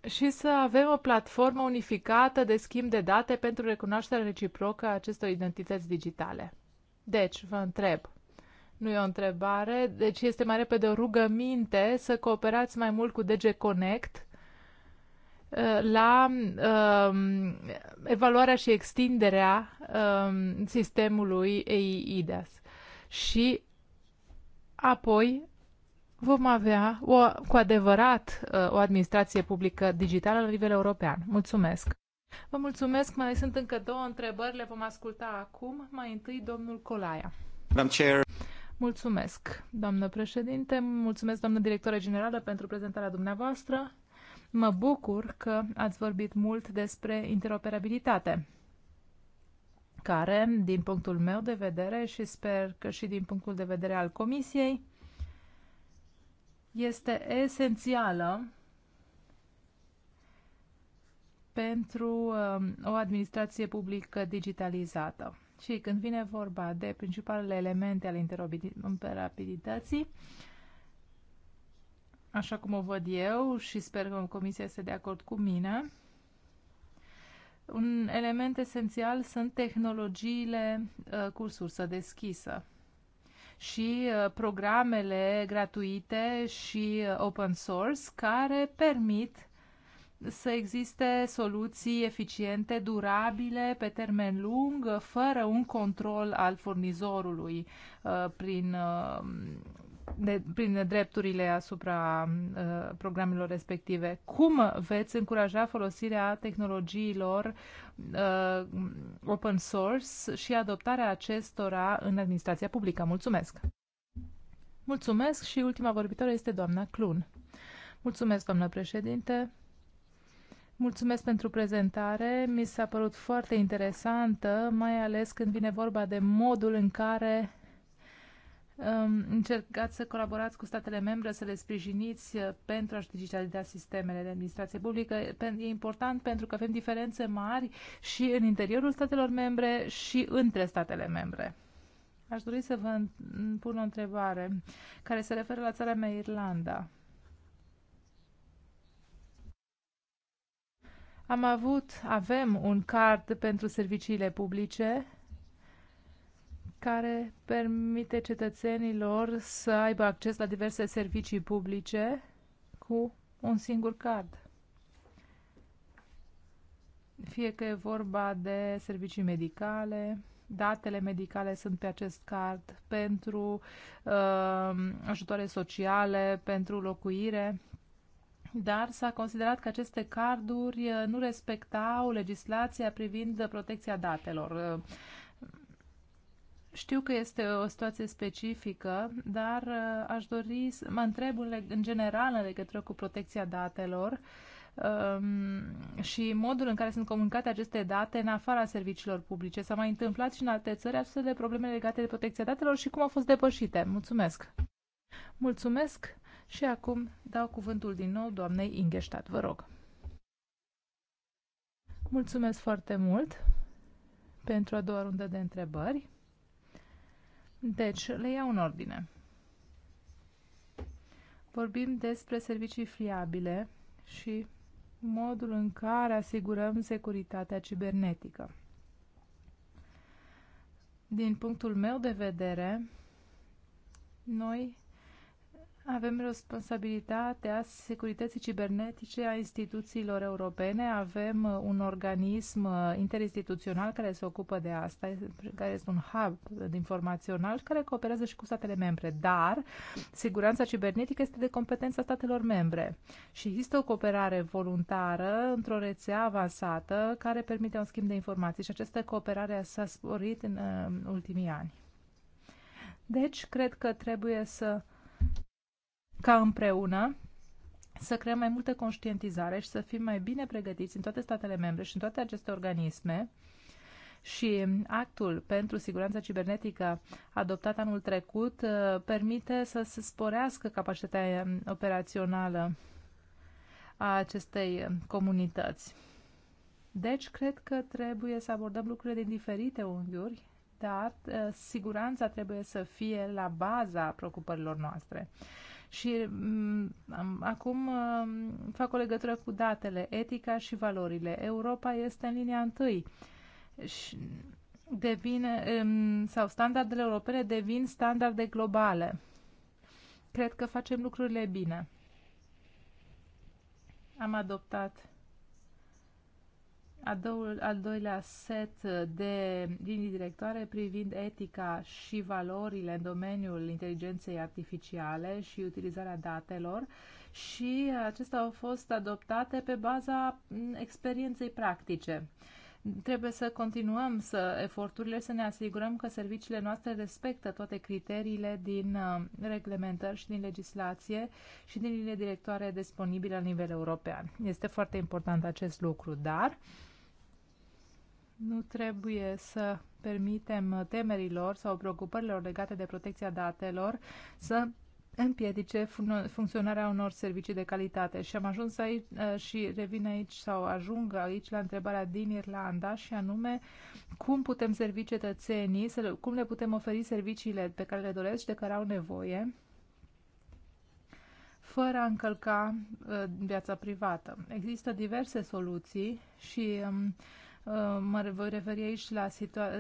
și să avem o platformă unificată de schimb de date pentru recunoașterea reciprocă a acestor identități digitale? Deci, vă întreb. Nu e o întrebare, deci este mai repede o rugăminte să cooperați mai mult cu DG Connect la uh, evaluarea și extinderea uh, sistemului EIDAS. Și apoi vom avea o, cu adevărat uh, o administrație publică digitală la nivel european. Mulțumesc! Vă mulțumesc, mai sunt încă două întrebări, le vom asculta acum. Mai întâi, domnul Colaia. Mulțumesc, doamnă președinte, mulțumesc, doamnă directoră generală, pentru prezentarea dumneavoastră. Mă bucur că ați vorbit mult despre interoperabilitate care, din punctul meu de vedere și sper că și din punctul de vedere al Comisiei, este esențială pentru um, o administrație publică digitalizată. Și când vine vorba de principalele elemente ale interoperabilității, așa cum o văd eu și sper că Comisia este de acord cu mine, un element esențial sunt tehnologiile uh, cu sursă deschisă și uh, programele gratuite și uh, open source care permit să existe soluții eficiente, durabile, pe termen lung, fără un control al furnizorului prin de, prin drepturile asupra uh, programelor respective. Cum veți încuraja folosirea tehnologiilor uh, open source și adoptarea acestora în administrația publică? Mulțumesc! Mulțumesc și ultima vorbitoare este doamna Clun. Mulțumesc, doamnă președinte. Mulțumesc pentru prezentare. Mi s-a părut foarte interesantă, mai ales când vine vorba de modul în care încercați să colaborați cu statele membre, să le sprijiniți uh, pentru a-și digitaliza sistemele de administrație publică. E important pentru că avem diferențe mari și în interiorul statelor membre și între statele membre. Aș dori să vă pun o întrebare care se referă la țara mea, Irlanda. Am avut, avem un card pentru serviciile publice care permite cetățenilor să aibă acces la diverse servicii publice cu un singur card. Fie că e vorba de servicii medicale, datele medicale sunt pe acest card pentru uh, ajutoare sociale, pentru locuire, dar s-a considerat că aceste carduri uh, nu respectau legislația privind protecția datelor. Uh, știu că este o situație specifică, dar uh, aș dori să mă întreb în general în legătură cu protecția datelor um, și modul în care sunt comunicate aceste date în afara serviciilor publice. S-a mai întâmplat și în alte țări astfel de probleme legate de protecția datelor și cum au fost depășite. Mulțumesc! Mulțumesc și acum dau cuvântul din nou doamnei Ingeștat. Vă rog! Mulțumesc foarte mult pentru a doua rundă de întrebări. Deci, le iau în ordine. Vorbim despre servicii fiabile și modul în care asigurăm securitatea cibernetică. Din punctul meu de vedere, noi avem responsabilitatea securității cibernetice a instituțiilor europene, avem uh, un organism uh, interinstituțional care se ocupă de asta, care este un hub informațional care cooperează și cu statele membre, dar siguranța cibernetică este de competența statelor membre și există o cooperare voluntară într-o rețea avansată care permite un schimb de informații și această cooperare s-a sporit în, în uh, ultimii ani. Deci, cred că trebuie să ca împreună să creăm mai multă conștientizare și să fim mai bine pregătiți în toate statele membre și în toate aceste organisme și actul pentru siguranța cibernetică adoptat anul trecut uh, permite să se sporească capacitatea um, operațională a acestei um, comunități. Deci, cred că trebuie să abordăm lucrurile din diferite unghiuri, dar uh, siguranța trebuie să fie la baza preocupărilor noastre. Și mm, acum mm, fac o legătură cu datele, etica și valorile. Europa este în linia întâi. Și devine, mm, sau standardele europene devin standarde globale. Cred că facem lucrurile bine. Am adoptat a doul, al doilea set de linii directoare privind etica și valorile în domeniul inteligenței artificiale și utilizarea datelor și acestea au fost adoptate pe baza experienței practice. Trebuie să continuăm să eforturile să ne asigurăm că serviciile noastre respectă toate criteriile din uh, reglementări și din legislație și din linii directoare disponibile la nivel european. Este foarte important acest lucru, dar nu trebuie să permitem temerilor sau preocupărilor legate de protecția datelor să împiedice fun funcționarea unor servicii de calitate. Și am ajuns aici uh, și revin aici sau ajung aici la întrebarea din Irlanda și anume cum putem servi cetățenii, cum le putem oferi serviciile pe care le doresc și de care au nevoie fără a încălca uh, viața privată. Există diverse soluții și um, Uh, mă voi referi aici la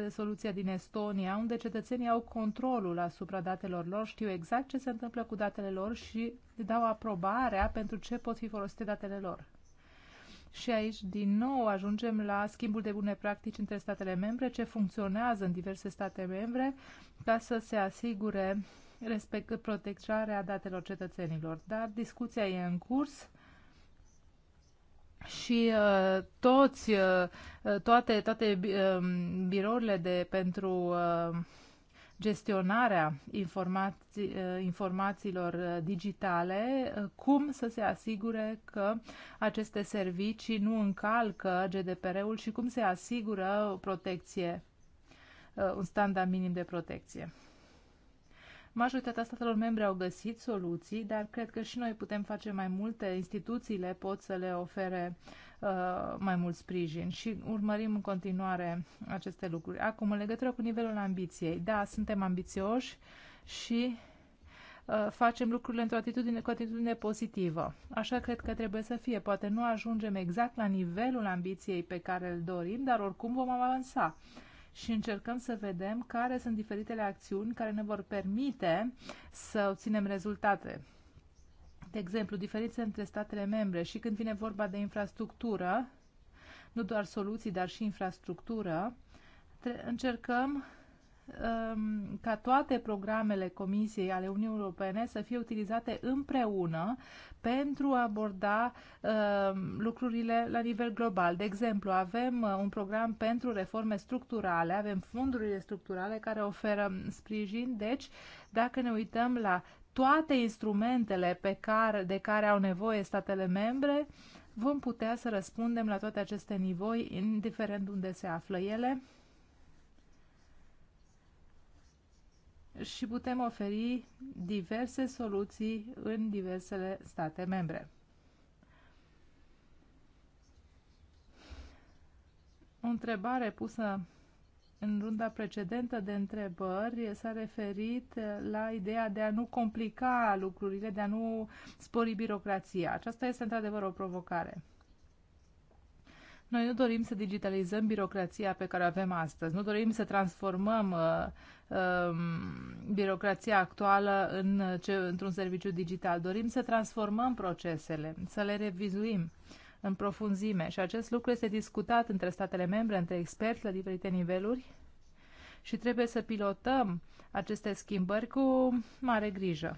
soluția din Estonia, unde cetățenii au controlul asupra datelor lor, știu exact ce se întâmplă cu datele lor și dau aprobarea pentru ce pot fi folosite datele lor. Și aici, din nou, ajungem la schimbul de bune practici între statele membre, ce funcționează în diverse state membre, ca să se asigure respect, protejarea datelor cetățenilor. Dar discuția e în curs și uh, toți, uh, uh toate, toate uh, birourile de, pentru uh, gestionarea informații, uh, informațiilor uh, digitale, cum să se asigure că aceste servicii nu încalcă GDPR-ul și cum se asigură o protecție, un standard minim de protecție. Majoritatea statelor membre au găsit soluții, dar cred că și noi putem face mai multe, instituțiile pot să le ofere uh, mai mult sprijin și urmărim în continuare aceste lucruri. Acum, în legătură cu nivelul ambiției, da, suntem ambițioși și uh, facem lucrurile într-o atitudine, cu atitudine pozitivă. Așa cred că trebuie să fie. Poate nu ajungem exact la nivelul ambiției pe care îl dorim, dar oricum vom avansa. Uh, și încercăm să vedem care sunt diferitele acțiuni care ne vor permite să obținem rezultate. De exemplu, diferențe între statele membre și când vine vorba de infrastructură, nu doar soluții, dar și infrastructură, încercăm Um, ca toate programele Comisiei ale Uniunii Europene să fie utilizate împreună pentru a aborda um, lucrurile la nivel global. De exemplu, avem uh, un program pentru reforme structurale, avem fondurile structurale care oferă sprijin, deci dacă ne uităm la toate instrumentele pe care, de care au nevoie statele membre, vom putea să răspundem la toate aceste nivoi, indiferent unde se află ele, și putem oferi diverse soluții în diversele state membre. O întrebare pusă în runda precedentă de întrebări s-a referit la ideea de a nu complica lucrurile, de a nu spori birocrația. Aceasta este într-adevăr o provocare. Noi nu dorim să digitalizăm birocrația pe care o avem astăzi, nu dorim să transformăm uh, uh, birocrația actuală în ce, într-un serviciu digital, dorim să transformăm procesele, să le revizuim în profunzime și acest lucru este discutat între statele membre, între experți la diferite niveluri și trebuie să pilotăm aceste schimbări cu mare grijă.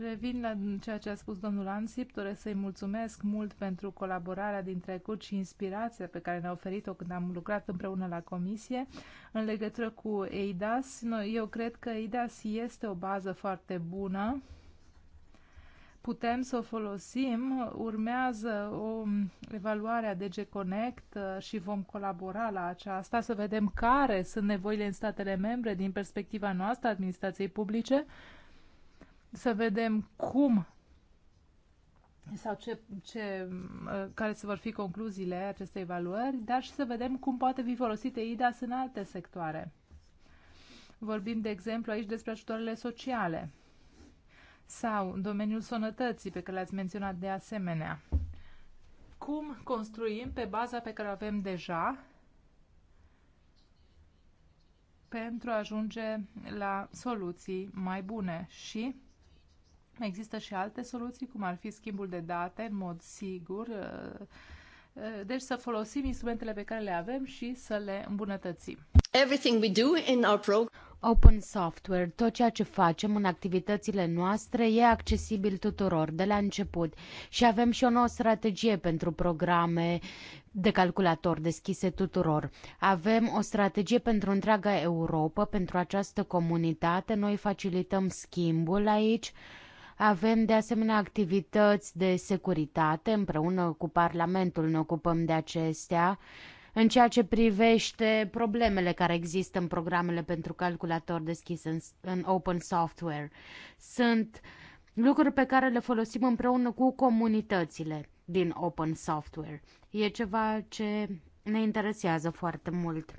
Revin la ceea ce a spus domnul Ansip, doresc să-i mulțumesc mult pentru colaborarea din trecut și inspirația pe care ne-a oferit-o când am lucrat împreună la comisie. În legătură cu EIDAS, eu cred că EIDAS este o bază foarte bună. Putem să o folosim, urmează o evaluare a DG Connect uh, și vom colabora la aceasta să vedem care sunt nevoile în statele membre din perspectiva noastră administrației publice să vedem cum sau ce, ce, uh, care se vor fi concluziile acestei evaluări, dar și să vedem cum poate fi folosite IDAS în alte sectoare. Vorbim, de exemplu, aici despre ajutoarele sociale sau domeniul sănătății pe care l-ați menționat de asemenea. Cum construim pe baza pe care o avem deja pentru a ajunge la soluții mai bune și Există și alte soluții, cum ar fi schimbul de date în mod sigur. Uh, uh, deci să folosim instrumentele pe care le avem și să le îmbunătățim. Everything we do in our program. Open software, tot ceea ce facem în activitățile noastre e accesibil tuturor de la început și avem și o nouă strategie pentru programe de calculator deschise tuturor. Avem o strategie pentru întreaga Europa, pentru această comunitate, noi facilităm schimbul aici. Avem de asemenea activități de securitate, împreună cu Parlamentul ne ocupăm de acestea. În ceea ce privește problemele care există în programele pentru calculator deschis în, în open software, sunt lucruri pe care le folosim împreună cu comunitățile din open software. E ceva ce ne interesează foarte mult.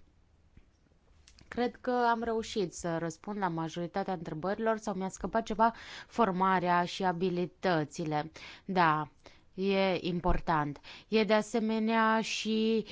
Cred că am reușit să răspund la majoritatea întrebărilor sau mi-a scăpat ceva formarea și abilitățile. Da, e important. E de asemenea și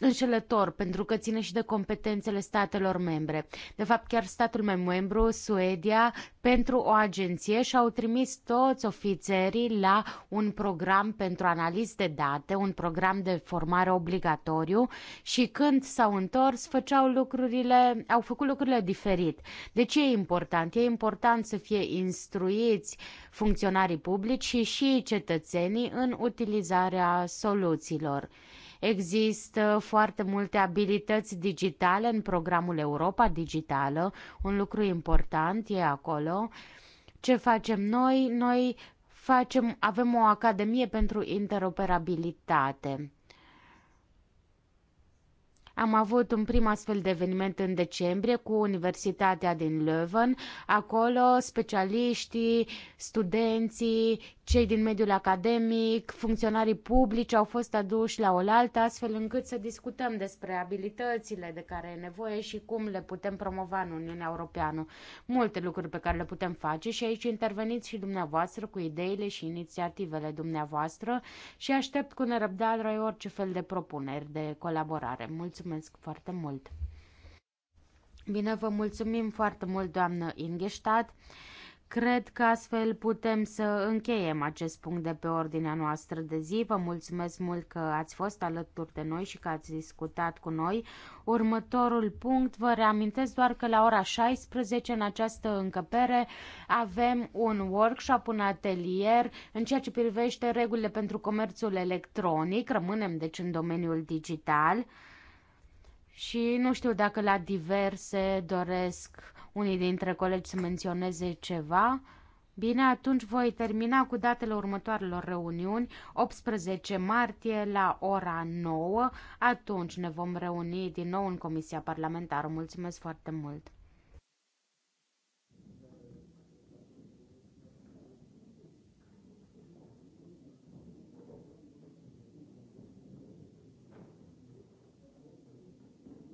înșelător pentru că ține și de competențele statelor membre. De fapt, chiar statul meu membru, Suedia, pentru o agenție și-au trimis toți ofițerii la un program pentru analiz de date, un program de formare obligatoriu și când s-au întors, făceau lucrurile, au făcut lucrurile diferit. De deci ce e important? E important să fie instruiți funcționarii publici și și cetățenii în utilizarea soluțiilor. Există foarte multe abilități digitale în programul Europa Digitală. Un lucru important e acolo. Ce facem noi? Noi facem, avem o academie pentru interoperabilitate am avut un prim astfel de eveniment în decembrie cu Universitatea din Leuven. Acolo specialiștii, studenții, cei din mediul academic, funcționarii publici au fost aduși la oaltă astfel încât să discutăm despre abilitățile de care e nevoie și cum le putem promova în Uniunea Europeană. Multe lucruri pe care le putem face și aici interveniți și dumneavoastră cu ideile și inițiativele dumneavoastră și aștept cu nerăbdare orice fel de propuneri de colaborare. Mulțumesc! mulțumesc foarte mult! Bine, vă mulțumim foarte mult, doamnă Ingestad. Cred că astfel putem să încheiem acest punct de pe ordinea noastră de zi. Vă mulțumesc mult că ați fost alături de noi și că ați discutat cu noi. Următorul punct, vă reamintesc doar că la ora 16 în această încăpere avem un workshop, un atelier în ceea ce privește regulile pentru comerțul electronic. Rămânem deci în domeniul digital. Și nu știu dacă la diverse doresc unii dintre colegi să menționeze ceva. Bine, atunci voi termina cu datele următoarelor reuniuni, 18 martie la ora 9, atunci ne vom reuni din nou în Comisia Parlamentară. Mulțumesc foarte mult!